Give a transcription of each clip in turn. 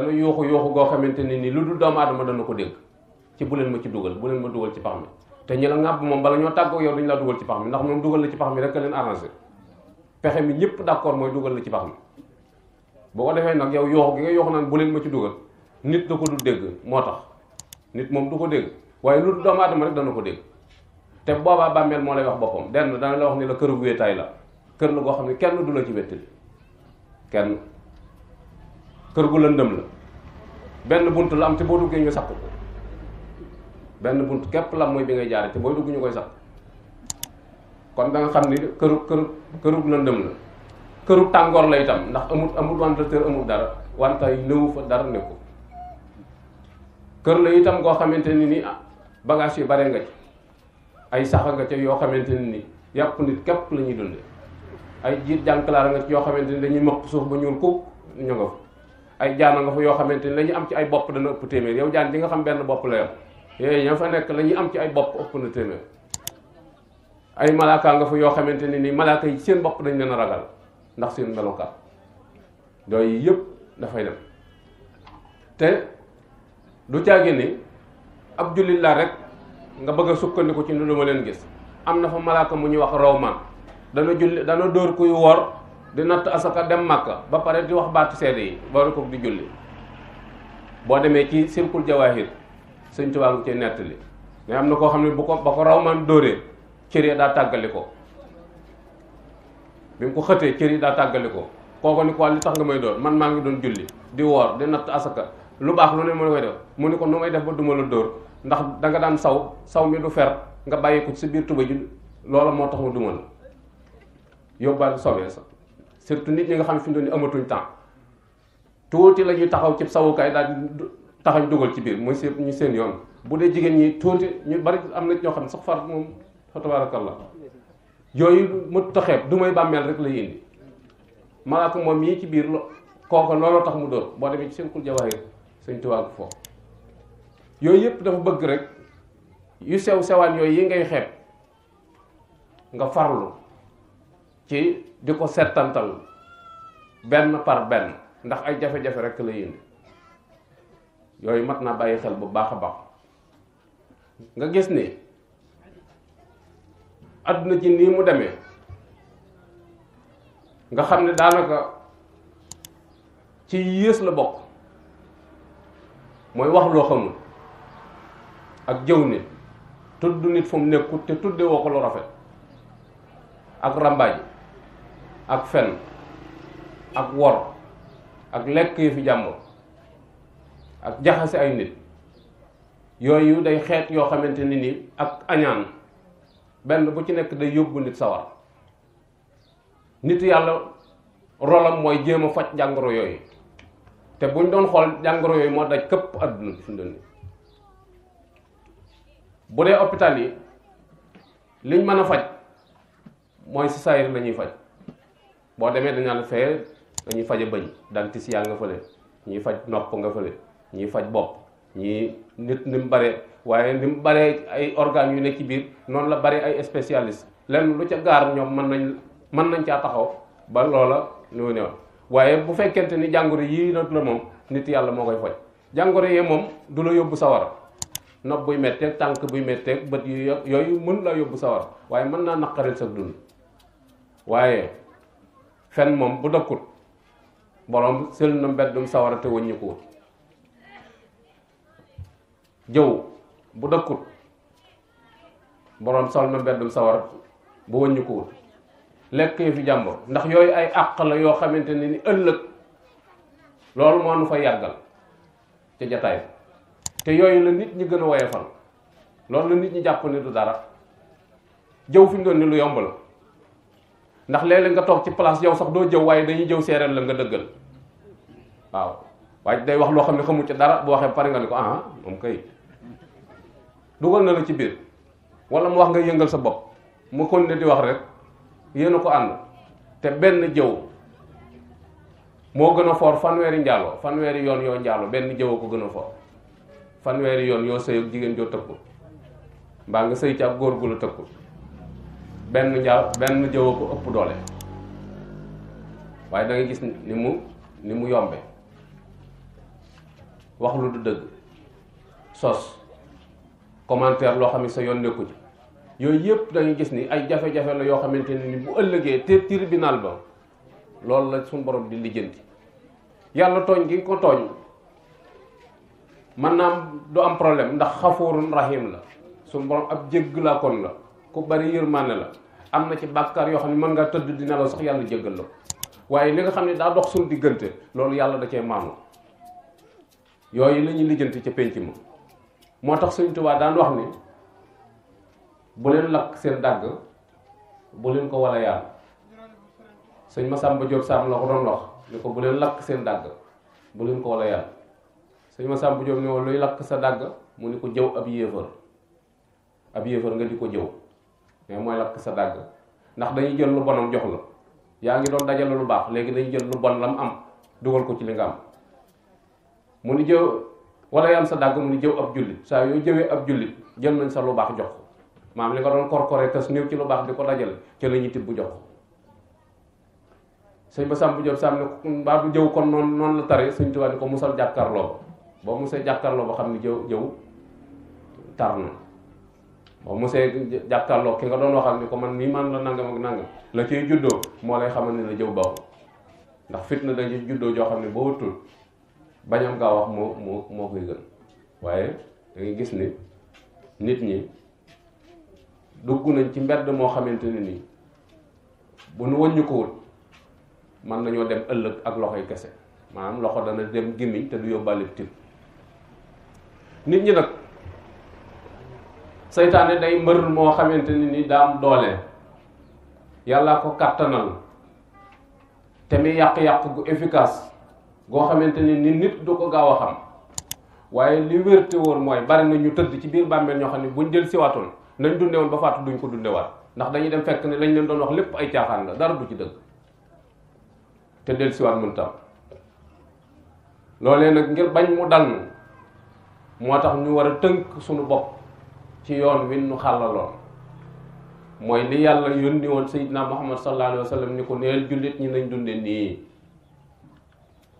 dañu yoxu yoxu go xamanteni ni lu dul doomu aadama dana ko dégg ci bu len ma ci dugal bu len ma duggal ci pax mi te ñi la ŋàbb bala ñoo taggo yow duñ la dugal ci pax mi ndax mom dugal la ci pax mi rek a leen arrangé pexe mi ñepp d'accord moy dugal la ci pax mi boo ko defé nak yow yoxu gi nga yox naan bu len ma ci duggal nit da ko du dégg motax nit mom du ko dégg waye lu dul doomu aadama rek dañu ko dégg te boba bammel mo lay wax bopam den dañ la wax ni la këru wéetaay la keur la go xamni kenn du la ci wettali kenn kër gu lëndëm la benn bunt la am te boo duggee ñu sakk ko benn bunt képp la mooy bi ngay jaare te booy dugg ñu koy sakk kon da nga xam ni këru kër këru lëndëm la këru tàngoor la itam ndax amul amul ventilateur amul dara wantay néewu fa dara nekku kër la itam koo xamante ni ni ah, bagage yi bare nga ci ay saxa nga ca yoo xamante ni ni yàpp nit képp la ñuy ay jiit nga ci yoo xamante dañuy mëq suuf ba ñuul kuk ñu nga ay jaana nga fa yoo xamante ni la ñu am ci ay bopp dana ëpp téeméer yow jaan di nga xam benn bopp la yor yooyu ña fa nekk la ñuy am ci ay bopp ëpp na téeméer ay malaaka nga fa yoo xamante ni nii malaaka yi seen bopp dañ leen ragal ndax seen melokaat yooyu yëpp dafay dem te du caagi ni ab rek nga bëgg a sukkandiku ci ndu ma leen gis am na fa malaaka mu ñu wax rawman dana julli dana dóor kuy wor di nat asaka dem makka ba pare di wax batu sedi yi meki ko di julli bo demé ci simple jawahir seigne touba ngi ci nettali mais am na koo bu ko ba ko raw man dore cër ya da tagaliko bim ko da tagaliko koko ni ko li tax nga may do man ma ngi doon julli di wor di nat asaka lu bax lu ne mo koy def mo ni ko nu may def ba duma la dor ndax da nga dan saw saw mi du fer nga bayiko ci bir tuba ji lolo mo tax duma la sobe sax surtout nit ñi nga xam ne fi mu doon amatuñ temps tuuti la taxaw ci sawukaay daal taxañ dugal ci biir muy seen ñu seen yoon bu dee jigéen ñi tuuti ñu bari am na ñoo xam ne sax far moom fa tabarakallah yooyu mu taxeeb du may bàmmeel rek lay indi malaaka moom yii ci biir kooka looloo tax mu dóor boo demee ci seen kul jawahir sëñ yooyu yëpp dafa bëgg rek yu sew sewaan yooyu yi ngay xeeb nga farlu ci di ko settantal benn par benn ndax ay jafe-jafe rek lay yéen yooyu mat naa bàyyi xel bu baax a baax nga gis ni àdduna ci nii mu demee nga xam ne daanaka ci yées la bokk mooy wax loo xamul ak jëw ne tudd nit fu nekkut te woo ko rafet ak rambaaji ak fen ak wor ak lekk yu fi jàmm ak jaxase ay nit yooyu day xeet yoo xamante ni ak añaan benn bu ci nekk day yóbbu nit sawar nit yàlla rolam mooy jéem a faj jàngoro yooyu te buñ doon xool jàngoro yooyu moo daj këpp àdduna fi doon bu dee hôpital yi liñ mën a faj mooy si la bo demé dañ naan fee dañuy faje bëñ dentiste yaa nga fele ñi faj nopp nga fele ñi faj bop ñi nit nim bare waye nim bare ay organe yu nekk biir non la bare ay spécialiste lenn lu ca gar ñom man nañ man nañ ca taxaw ba lola ñu ne waye bu fekkente ni jàngoro yii nak la mom nit yalla mo koy faj jàngoro yee mom du la yobbu sawar nopp buy metteeg tank buy metteeg bët yu mën la yobbu sawar waye man na naqaril sa dund waye fen moom bu dokkut boroom sël na mbeddum sawara te wëññikuwut jëw bu dokkut boroom sol na mbeddum sawara bu wëññikuwut lekk yi fi jàmbur ndax yooyu ay àq la yoo xamante ni ëllëg loolu moo nu fa yàggal ca jataay te yooyu la nit ñi gën a woyefal loolu la nit ñi jàpp ne du dara jëw fi doon ni lu yomb la ndax léeg nga toog ci place yow sax doo jëw waaye dañuy jëw séeréer la nga dëggal waaw waaye day wax loo xam ne xamu ci dara bu waxee pare nga ne ko ah moom kay dugal na la ci biir wala mu wax nga yëngal sa bopp mu kon ne di wax rek yéen ko ànd te benn jëw moo gën a foor fanweeri njaaloo fanweeri yoon yoo njaaloo benn jëw ko gën a foor fanweeri yoon yoo sëy ak jigéen joo tëkku mbaa nga sëy ci ab góor gu la tëkku benn jaaw benn jëwoo ko ëpp doole waaye da nga gis ni mu ni mu yombe wax lu du dëgg sos commentaire loo xam ne sa yoon nekku ci yooyu yëpp da nga gis ni ay jafe-jafe la yoo xamante ni bu ëllëgee te tribunal ba loolu la sun borom di lijjanti yàlla tooñ gi ko tooñ man naam du am problème ndax xafuurun rahim la sun borom ab kon la ku bari yërmande la am na ci bakkar yo xamni man nga teud di nelaw sax yalla jéggal la waye li nga xamni da dox sun diggante loolu yalla da cey maanu yoy yi lañu lijeenti ci penc motax touba daan ni bu len lak sen dag bu len ko wala yàlla sëñ Masamba Diop Sam la ko don wax ni ko bu len lakk sen dag bu len ko wala yàlla sëñ Masamba Diop ni woon luy lakk sa dag mu ni ko jëw ab yéefar ab yéefar nga di ko jëw mais mooy lakk sa dàgg ndax dañuy jël lu bonam jox la yaa ngi doon dajal lu baax léegi dañuy jël lu bon lam am dugal ko ci li nga am mu ni jëw wala yam sa dàgg mu ni jëw ab jullit saa yooyu jëwee ab jullit jël nañ sa lu baax jox ko maam li nga doon korkoree tas néew ci lu baax di ko dajale ca la ñuy tibb jox ko sëñ ba sàmm bu sàmm ne mbaa du jëw kon noonu noonu la tare sëñ Tuubaa ni ko musal jàkkarloo ba musee jàkkarloo ba xam jëw jëw tar na boo mosee jàkkaarloo ki nga doon waxal ni ko man mii man la nangam ak nangam la cay juddoo moo lay xamal ne la jëw baaxul ndax fitna da ci juddoo joo xam ne boo wëttul bañam gaa wax moo moo moo koy gën waaye da gis ni nit ñi dugg nañ ci mbedd moo xamante ne nii bu nu wëññu ko wut mën nañoo dem ëllëg ak loxoy kese maanaam loxo dana dem gémmiñ te du yóbbaale tib nit ñi nag seytaane day mbër moo xamante ni ni daam doole yàlla ko kàttanal te mi yàq-yàq gu efficace goo xamante ni nit du ko gaaw a xam waaye li wérte woon mooy bari na ñu tëdd ci biir bàmmeel ñoo xam ne buñ jël siwaatoon nañ dunde woon ba faatu duñ ko dundewaat ndax dañuy dem fekk ne lañ leen doon wax lépp ay caaxaan la dara du ci dëgg te del siwaat mun tam loolee nag ngir bañ mu dal moo tax ñu war a tënk sunu bopp ci yoon win nu xàllaloon mooy li yàlla yónni woon muhammad sallallahu alayhi wa sallam ni ko neel jullit ñi nañ dunde nii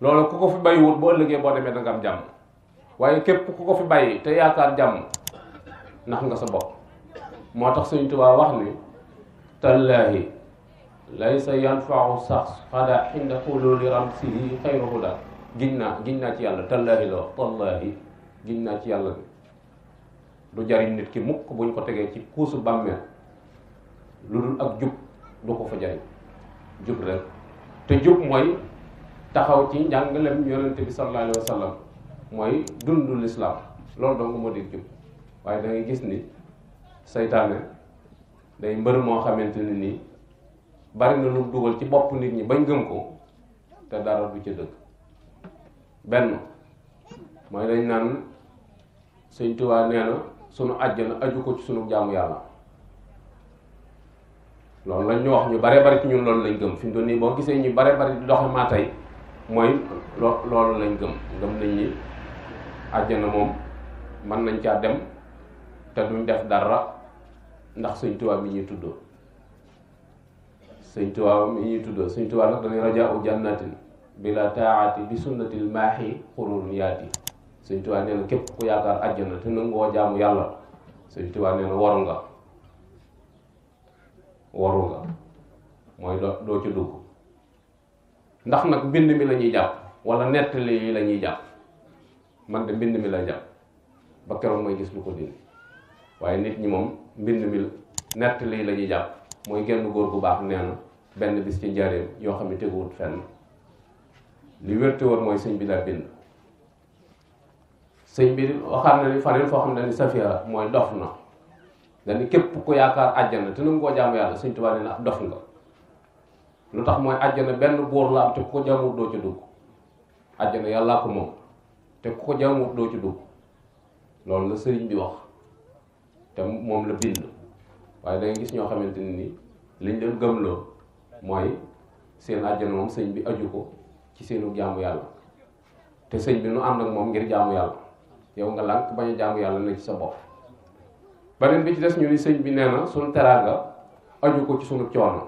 loolu ku ko fi bàyyiwut bo ëllëgee boo demee da nga am jàmm waaye képp ku ko fi bàyyi te yaakaar jàmm nax nga sa bopp moo tax Sëriñ wax ni tallahi laysa yanfau sax xada inda li ramsihi xayru huda naa ci yàlla tallahi la wax ci yàlla du jariñ nit ki mukk buñ ko tegee ci kuusu bàmmeel lu dul ak jub du ko fa jariñ jub rek te jub mooy taxaw ci njàngalem yonente bi sallallahu mooy dundu lislaam loolu dong moo di jub waaye da gis ni seytaane day mbër moo xamante ne nii bari na lu mu dugal ci bopp nit ñi bañ gëm ko te dara du ca dëgg benn mooy dañ naan Sëñ Tuubaa nee na sunu àjjana aju ko ci sunu jaamu yàlla loolu lañ ñu wax ñu bare bari ci ñun loolu lañ gëm fi mu doon nii boo gisee ñu bare bari di doxe maa tey mooy lo loolu lañ gëm gëm nañ ni àjjana moom mën nañ caa dem te duñ def dara ndax Sëñ Tuubaa mi ñuy tuddoo Sëñ Tuubaa mi ñuy tuddoo Sëñ Tuubaa nag dañuy rajaa u jannatin bila taati bi sunnatil maaxi xururun yaati Sëñ Tuubaa nee na képp ku yaakaar àjjana te nangoo jaamu yàlla Sëñ Tuubaa nee na waru nga waru nga mooy doo doo ci dugg ndax nag mbind mi la jàpp wala nettali yi la jàpp man de mbind mi la jàpp ba keroog mooy gis lu ko dindi waaye nit ñi moom mbind mi nettali yi la jàpp mooy genn góor gu baax nee na benn bis ci njaareem yoo xam ne teguwut fenn li wérte woon mooy sëñ bi bind sëñ bi waxaat na ni faneen foo xam ne ni safiya mooy dof na dañu képp ku yaakaar àjjana te nangu koo jaamu yàlla sëñ ab dof nga lu tax mooy àjjana benn buur la te ku ko jaamut doo ci dugg àjjana yàllaa doo ci dugg loolu la bi wax te moom la bind waaye da nga gis ñoo xamante ni liñ leen gëmloo mooy seen àjjana moom sëñ bi aju ko ci seenu jaamu yàlla te sëñ bi nu am ak moom ngir jaamu yàlla yow nga lànk bañ a jaamu yàlla la ci sa bopp beneen bi ci des ñu ni sëñ bi nee na suñu teraanga aju ko ci suñu coono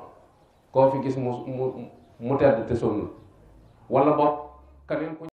koo fi gis mu mu mu tedd te sonn wala bopp keneen ku